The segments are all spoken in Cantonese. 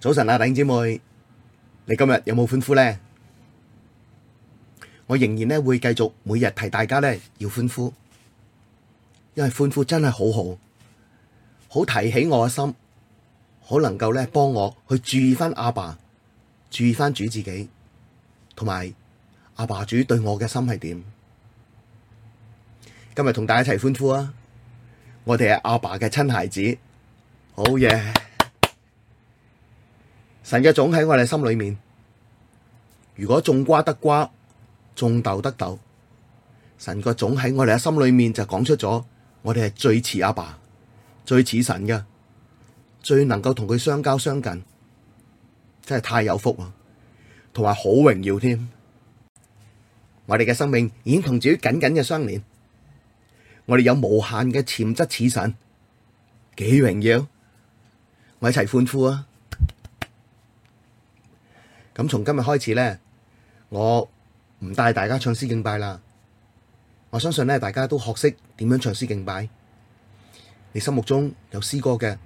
早晨啊，弟兄姊妹，你今日有冇歡呼咧？我仍然咧會繼續每日提大家咧要歡呼，因為歡呼真係好好，好提起我嘅心，好能夠咧幫我去注意翻阿爸，爸，注意翻主自己，同埋阿爸主對我嘅心係點。今日同大家一齊歡呼啊！我哋係阿爸嘅親孩子，好嘢。神嘅種喺我哋心裏面，如果種瓜得瓜，種豆得豆，神個種喺我哋嘅心裏面就講出咗，我哋係最似阿爸，最似神嘅，最能夠同佢相交相近，真係太有福啊！同埋好榮耀添。我哋嘅生命已經同自己緊緊嘅相連，我哋有無限嘅潛質似神，幾榮耀？我一齊歡呼啊！咁從今日開始咧，我唔帶大家唱詩敬拜啦。我相信咧，大家都學識點樣唱詩敬拜。你心目中有詩歌嘅，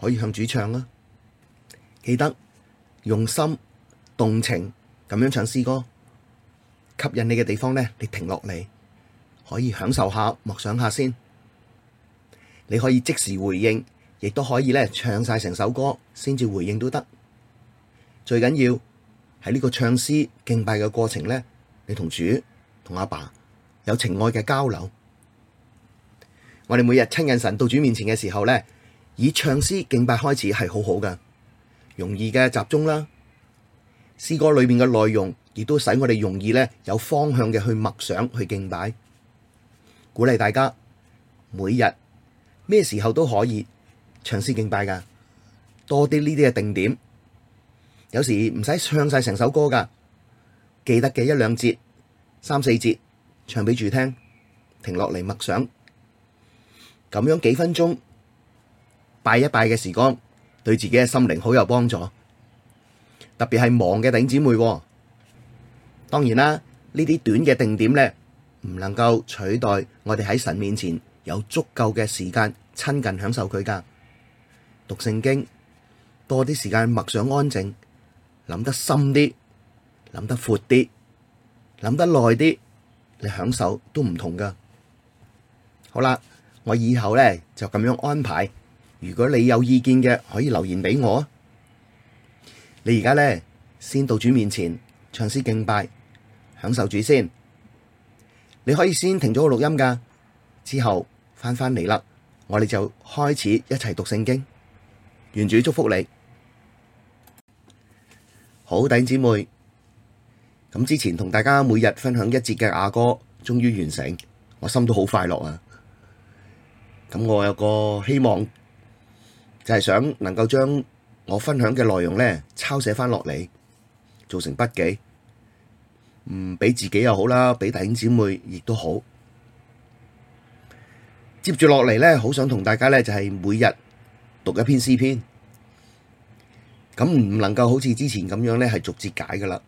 可以向主唱啦。記得用心動情咁樣唱詩歌，吸引你嘅地方咧，你停落嚟，可以享受下，默想下先。你可以即時回應，亦都可以咧唱晒成首歌先至回應都得。最緊要。喺呢個唱詩敬拜嘅過程呢，你同主、同阿爸有情愛嘅交流。我哋每日親近神、到主面前嘅時候呢，以唱詩敬拜開始係好好㗎，容易嘅集中啦。詩歌裏面嘅內容亦都使我哋容易呢，有方向嘅去默想、去敬拜。鼓勵大家每日咩時候都可以唱詩敬拜㗎，多啲呢啲嘅定點。有時唔使唱晒成首歌噶記得嘅一兩節、三四節唱俾住聽，停落嚟默想，咁樣幾分鐘拜一拜嘅時光，對自己嘅心靈好有幫助。特別係忙嘅弟兄姊妹、啊，當然啦、啊，呢啲短嘅定點咧，唔能夠取代我哋喺神面前有足夠嘅時間親近享受佢噶。讀聖經，多啲時間默想安靜。諗得深啲，諗得闊啲，諗得耐啲，你享受都唔同噶。好啦，我以後咧就咁樣安排。如果你有意見嘅，可以留言俾我。你而家咧先到主面前，唱詩敬拜，享受主先。你可以先停咗個錄音噶，之後翻返嚟啦，我哋就開始一齊讀聖經。願主祝福你。好弟兄姊妹，咁之前同大家每日分享一節嘅雅歌，終於完成，我心都好快樂啊！咁我有個希望，就係想能夠將我分享嘅內容咧抄寫翻落嚟，做成筆記，嗯，畀自己又好啦，畀弟兄姊妹亦都好。接住落嚟咧，好想同大家咧就係每日讀一篇詩篇。咁唔能夠好似之前咁樣咧，係逐節解噶啦。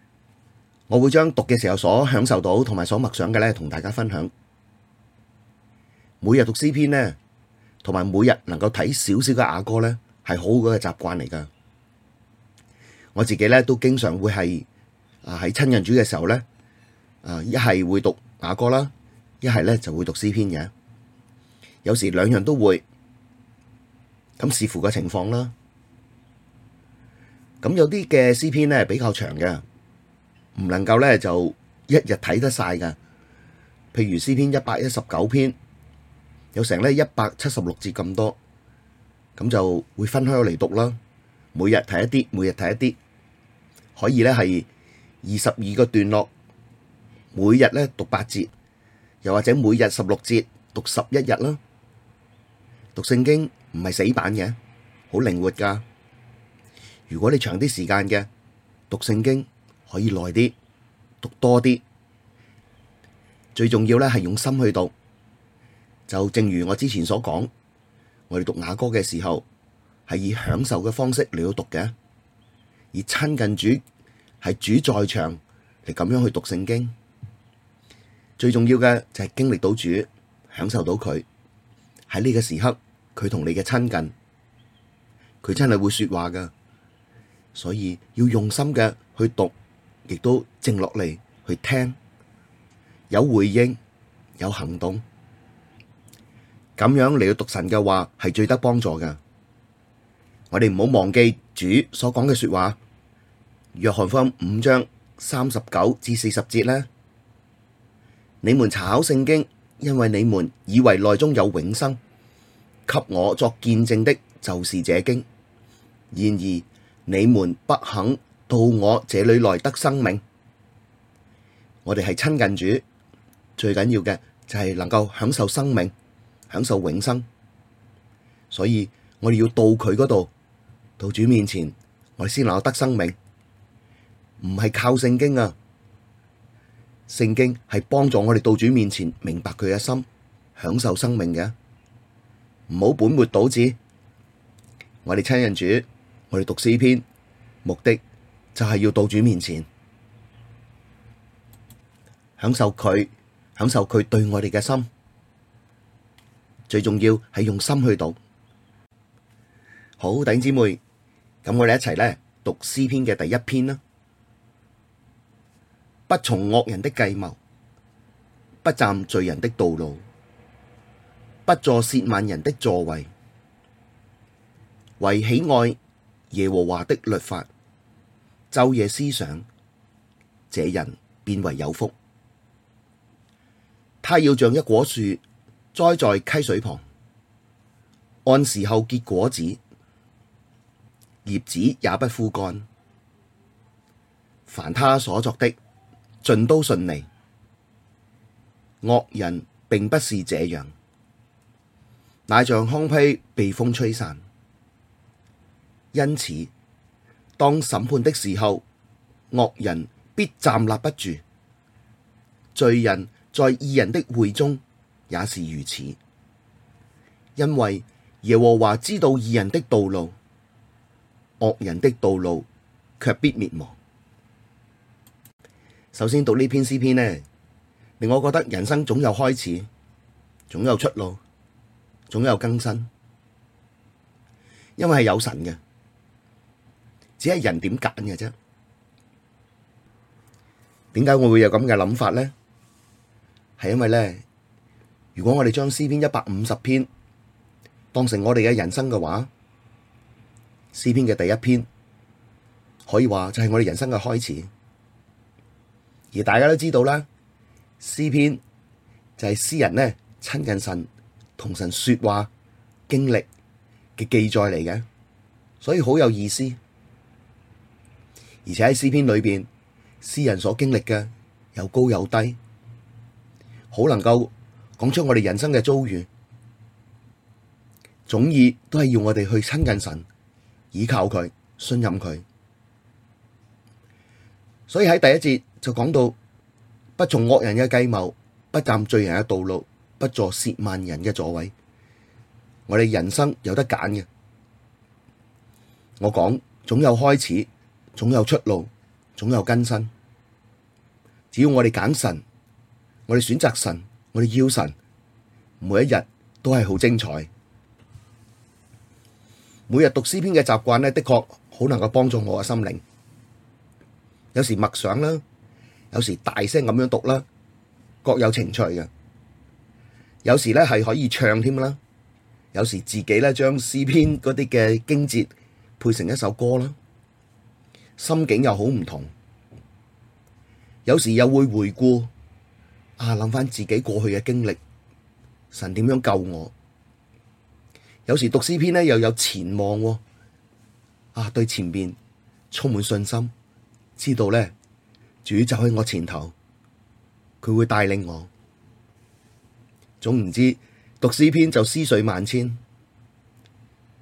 我會將讀嘅時候所享受到同埋所默想嘅咧，同大家分享。每日讀詩篇咧，同埋每日能夠睇少少嘅雅歌咧，係好好嘅習慣嚟噶。我自己咧都經常會係啊喺親近主嘅時候咧，啊一係會讀雅歌啦，一係咧就會讀詩篇嘅。有時兩樣都會，咁視乎個情況啦。咁有啲嘅詩篇咧，比較長嘅，唔能夠咧就一日睇得晒㗎。譬如詩篇一百一十九篇，有成咧一百七十六節咁多，咁就會分開嚟讀啦。每日睇一啲，每日睇一啲，可以咧係二十二個段落，每日咧讀八節，又或者每日十六節，讀十一日啦。讀聖經唔係死板嘅，好靈活噶。如果你長啲時間嘅讀聖經，可以耐啲讀多啲，最重要咧係用心去讀。就正如我之前所講，我哋讀雅歌嘅時候係以享受嘅方式嚟到讀嘅，而親近主係主在場嚟咁樣去讀聖經。最重要嘅就係經歷到主，享受到佢，喺呢個時刻佢同你嘅親近，佢真係會說話噶。所以要用心嘅去讀，亦都靜落嚟去聽，有回應，有行動，咁樣嚟到讀神嘅話係最得幫助噶。我哋唔好忘記主所講嘅說話。約翰福音五章三十九至四十節呢，你們查考聖經，因為你們以為內中有永生，給我作見證的，就是這經。然而你們不肯到我這裏來得生命，我哋係親近主，最緊要嘅就係能夠享受生命，享受永生。所以我哋要到佢嗰度，到主面前，我哋先能夠得生命，唔係靠聖經啊！聖經係幫助我哋到主面前明白佢嘅心，享受生命嘅。唔好本末倒置，我哋親近主。我哋讀詩篇，目的就係要到主面前享受佢，享受佢對我哋嘅心。最重要係用心去讀。好，弟兄姊妹，咁我哋一齊呢讀詩篇嘅第一篇啦。不從惡人的計謀，不站罪人的道路，不坐褻慢人的座位，惟喜愛。耶和華的律法，晝夜思想，這人便為有福。他要像一棵樹栽在溪水旁，按時候結果子，葉子也不枯乾。凡他所作的，盡都順利。惡人並不是這樣，乃像糠粃被風吹散。因此，當審判的時候，惡人必站立不住；罪人在義人的會中也是如此。因為耶和華知道義人的道路，惡人的道路卻必滅亡。首先讀呢篇詩篇呢，令我覺得人生總有開始，總有出路，總有更新，因為係有神嘅。只係人點揀嘅啫？點解我會有咁嘅諗法咧？係因為咧，如果我哋將詩篇一百五十篇當成我哋嘅人生嘅話，詩篇嘅第一篇可以話就係我哋人生嘅開始。而大家都知道啦，詩篇就係詩人咧，親近神、同神說話經歷嘅記載嚟嘅，所以好有意思。而且喺詩篇裏邊，詩人所經歷嘅有高有低，好能夠講出我哋人生嘅遭遇。總意都係要我哋去親近神，倚靠佢，信任佢。所以喺第一節就講到不從惡人嘅計謀，不站罪人嘅道路，不坐褻慢人嘅座位。我哋人生有得揀嘅，我講總有開始。總有出路，總有更新。只要我哋揀神，我哋選擇神，我哋邀神，每一日都係好精彩。每日讀詩篇嘅習慣呢，的確好能夠幫助我嘅心靈。有時默想啦，有時大聲咁樣讀啦，各有情趣嘅。有時呢係可以唱添啦，有時自己呢將詩篇嗰啲嘅經節配成一首歌啦。心境又好唔同，有時又會回顧，啊諗翻自己過去嘅經歷，神點樣救我？有時讀詩篇咧，又有前望，啊對前面充滿信心，知道呢，主就喺我前頭，佢會帶領我。總唔知讀詩篇就思緒萬千。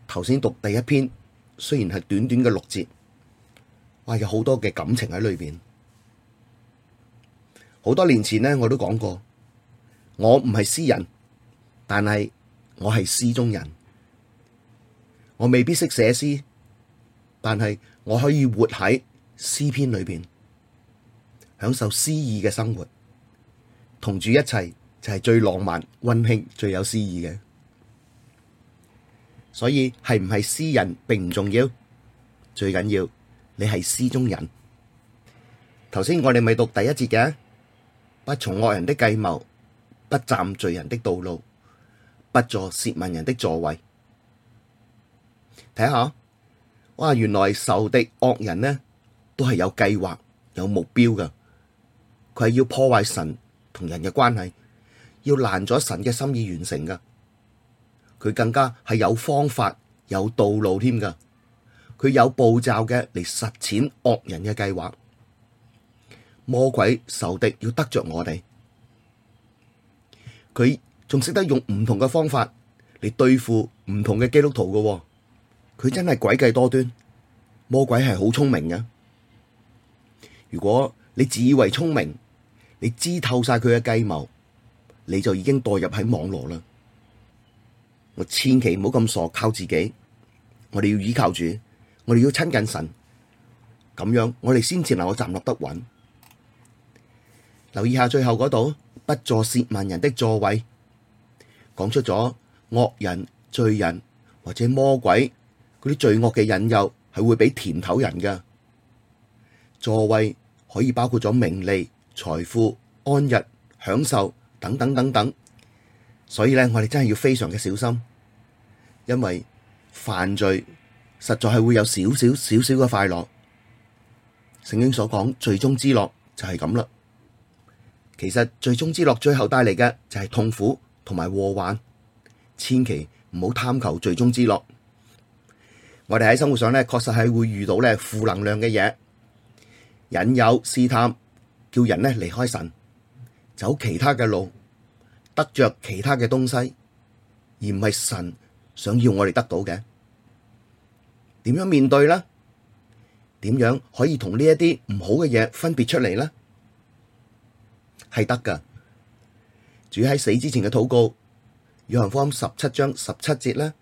頭先讀第一篇，雖然係短短嘅六節。哇！有好多嘅感情喺裏邊，好多年前呢，我都講過，我唔係詩人，但係我係詩中人，我未必識寫詩，但係我可以活喺詩篇裏邊，享受詩意嘅生活，同住一齊就係最浪漫、溫馨、最有詩意嘅，所以係唔係詩人並唔重要，最緊要。你係詩中人。頭先我哋咪讀第一節嘅，不從惡人的計謀，不站罪人的道路，不坐褻慢人的座位。睇下，哇！原來仇敵惡人呢，都係有計劃、有目標噶。佢係要破壞神同人嘅關係，要攔阻神嘅心意完成噶。佢更加係有方法、有道路添噶。佢有步驟嘅嚟實踐惡人嘅計劃，魔鬼仇敵要得着我哋，佢仲識得用唔同嘅方法嚟對付唔同嘅基督徒噶，佢真係詭計多端，魔鬼係好聰明嘅。如果你自以為聰明，你知透晒佢嘅計謀，你就已經墮入喺網絡啦。我千祈唔好咁傻，靠自己，我哋要依靠主。我哋要親近神，噉樣我哋先至能夠站立得穩。留意下最後嗰度，不坐褻慢人的座位，講出咗惡人、罪人或者魔鬼嗰啲罪惡嘅引誘，係會畀甜頭人嘅座位，可以包括咗名利、財富、安逸、享受等等等等。所以呢，我哋真係要非常嘅小心，因為犯罪。實在係會有少少少少嘅快樂。聖經所講最終之樂就係咁啦。其實最終之樂最後帶嚟嘅就係痛苦同埋禍患。千祈唔好貪求最終之樂。我哋喺生活上咧，確實係會遇到咧負能量嘅嘢，引誘試探，叫人咧離開神，走其他嘅路，得着其他嘅東西，而唔係神想要我哋得到嘅。點樣面對呢？點樣可以同呢一啲唔好嘅嘢分別出嚟呢？係得㗎。主喺死之前嘅禱告，約翰福音十七章十七節啦，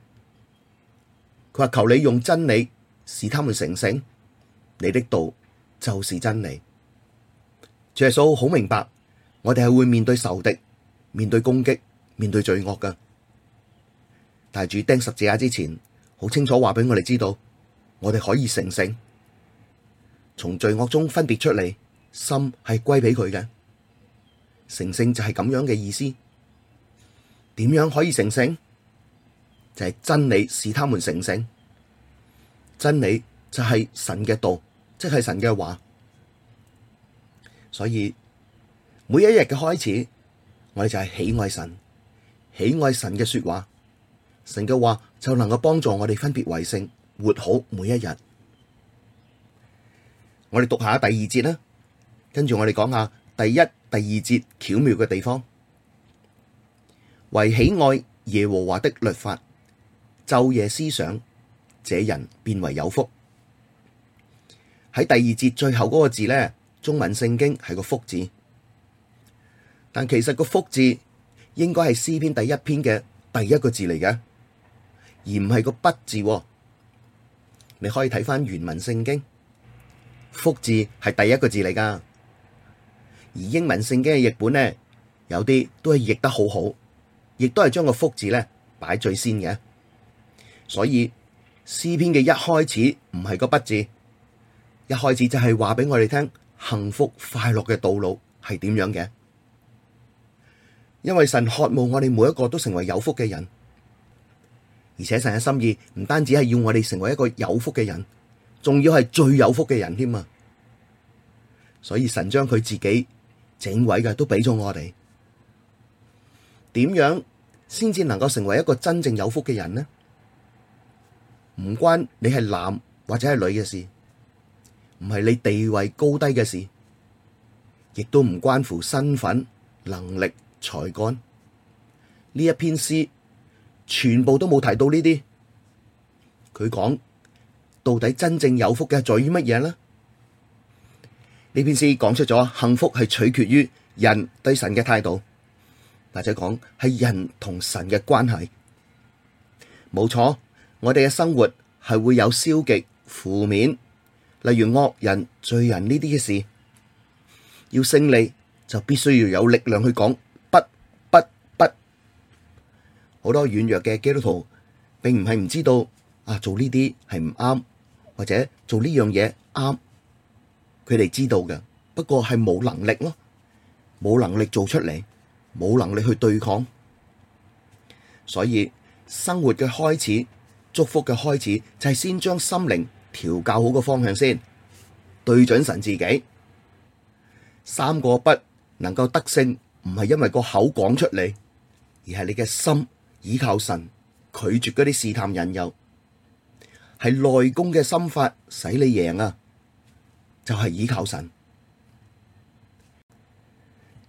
我哋可以成聖，從罪惡中分別出嚟，心係歸畀佢嘅。成聖就係咁樣嘅意思。點樣可以成聖？就係、是、真理使他們成聖。真理就係神嘅道，即、就、係、是、神嘅話。所以每一日嘅開始，我哋就係喜愛神，喜愛神嘅說話。神嘅話就能夠幫助我哋分別為聖。活好每一日，我哋讀下第二節啦。跟住我哋講下第一、第二節巧妙嘅地方。惟喜愛耶和華的律法，晝夜思想，這人便為有福。喺第二節最後嗰個字呢，中文聖經係個福字，但其實個福字應該係詩篇第一篇嘅第一個字嚟嘅，而唔係個不字，啊。你可以睇翻原文聖經，福字係第一個字嚟噶。而英文聖經嘅譯本呢，有啲都係譯得好好，亦都係將個福字咧擺最先嘅。所以詩篇嘅一開始唔係個不字，一開始就係話俾我哋聽幸福快樂嘅道路係點樣嘅。因為神渴望我哋每一個都成為有福嘅人。而且神嘅心意唔單止係要我哋成為一個有福嘅人，仲要係最有福嘅人添啊。所以神將佢自己整位嘅都俾咗我哋。點樣先至能夠成為一個真正有福嘅人呢？唔關你係男或者係女嘅事，唔係你地位高低嘅事，亦都唔關乎身份、能力、才幹。呢一篇詩。全部都冇提到呢啲，佢講到底真正有福嘅在於乜嘢呢？呢篇詩講出咗，幸福係取決於人對神嘅態度，或者講係人同神嘅關係。冇錯，我哋嘅生活係會有消極、負面，例如惡人、罪人呢啲嘅事。要勝利，就必須要有力量去講。好多軟弱嘅基督徒，並唔係唔知道啊做呢啲係唔啱，或者做呢樣嘢啱，佢哋知道嘅，不過係冇能力咯，冇能力做出嚟，冇能力去對抗，所以生活嘅開始，祝福嘅開始，就係先將心靈調教好個方向先，對準神自己。三個不能夠得勝，唔係因為個口講出嚟，而係你嘅心。倚靠神，拒絕嗰啲試探引誘，係內功嘅心法使你贏啊！就係倚靠神。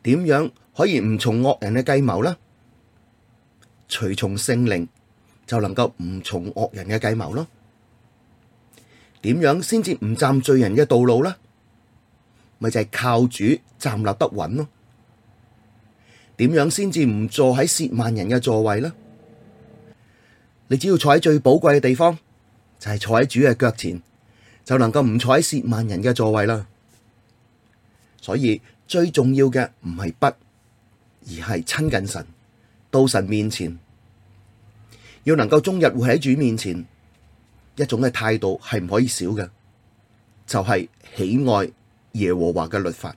點樣可以唔從惡人嘅計謀呢？隨從聖靈就能夠唔從惡人嘅計謀咯。點樣先至唔站罪人嘅道路呢？咪就係靠主站立得穩咯。點樣先至唔坐喺褻慢人嘅座位呢？你只要坐喺最寶貴嘅地方，就係坐喺主嘅腳前，就能夠唔坐喺褻慢人嘅座位啦。所以最重要嘅唔係不，而係親近神，到神面前，要能夠終日活喺主面前，一種嘅態度係唔可以少嘅，就係喜愛耶和華嘅律法，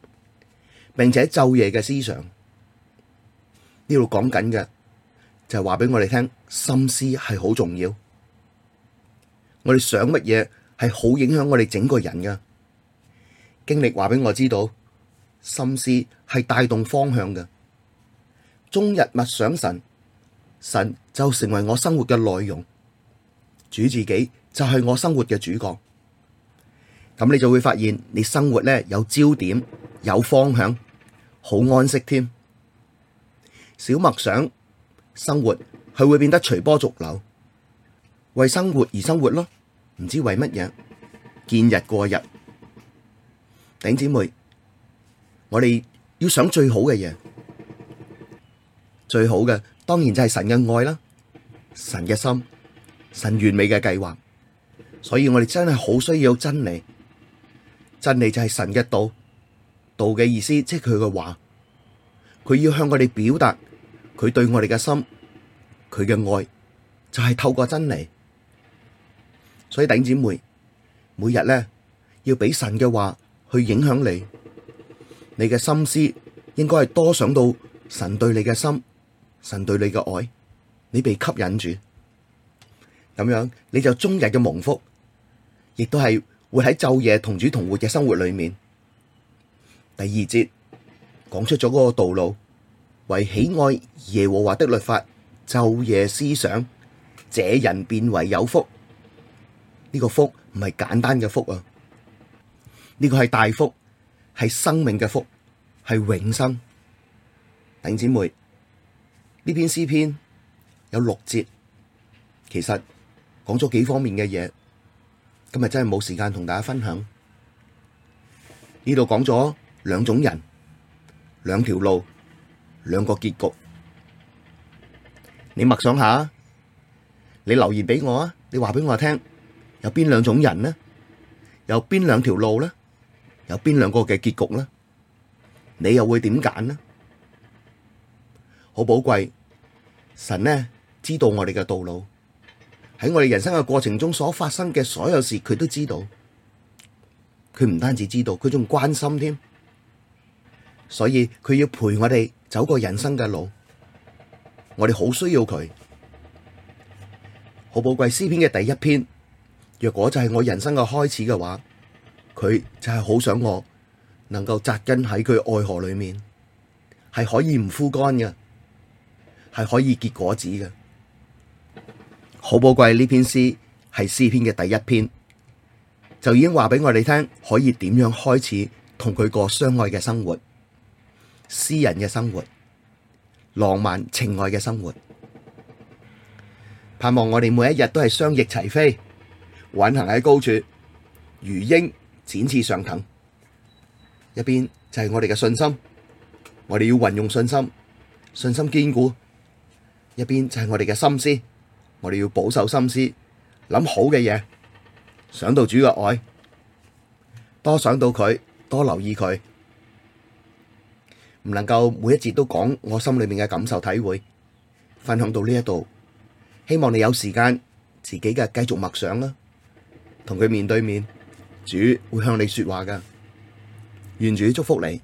並且晝夜嘅思想。呢度講緊嘅。就係話俾我哋聽，心思係好重要。我哋想乜嘢係好影響我哋整個人㗎。經歷話俾我知道，心思係帶動方向嘅。終日默想神，神就成為我生活嘅內容。主自己就係我生活嘅主角。咁你就會發現，你生活呢有焦點、有方向，好安息添。小默想。生活係會變得隨波逐流，為生活而生活咯，唔知為乜嘢見日過日。頂姐妹，我哋要想最好嘅嘢，最好嘅當然就係神嘅愛啦，神嘅心，神完美嘅計劃。所以我哋真係好需要真理，真理就係神嘅道，道嘅意思即係佢嘅話，佢要向我哋表達。佢對我哋嘅心，佢嘅愛就係透過真理，所以弟姐妹每日呢要俾神嘅話去影響你，你嘅心思應該係多想到神對你嘅心，神對你嘅愛，你被吸引住，咁樣你就終日嘅蒙福，亦都係會喺晝夜同主同活嘅生活裏面。第二節講出咗嗰個道路。惟兩個結局，你默想下，你留言俾我啊！你話俾我聽，有邊兩種人呢？有邊兩條路呢？有邊兩個嘅結局呢？你又會點揀呢？好寶貴，神呢，知道我哋嘅道路，喺我哋人生嘅過程中所發生嘅所有事，佢都知道，佢唔單止知道，佢仲關心添，所以佢要陪我哋。走過人生嘅路，我哋好需要佢，好寶貴。詩篇嘅第一篇，若果就係我人生嘅開始嘅話，佢就係好想我能夠扎根喺佢愛河裏面，係可以唔枯乾嘅，係可以結果子嘅。好寶貴呢篇詩係詩篇嘅第一篇，就已經話俾我哋聽，可以點樣開始同佢過相愛嘅生活。私人嘅生活，浪漫情愛嘅生活，盼望我哋每一日都係雙翼齊飛，運行喺高處，如鷹展翅上騰。一邊就係我哋嘅信心，我哋要運用信心，信心堅固。一邊就係我哋嘅心思，我哋要保守心思，諗好嘅嘢，想到主嘅愛，多想到佢，多留意佢。唔能夠每一節都講我心裏面嘅感受體會，分享到呢一度，希望你有時間自己嘅繼續默想啦，同佢面對面，主會向你說話噶，願主祝福你。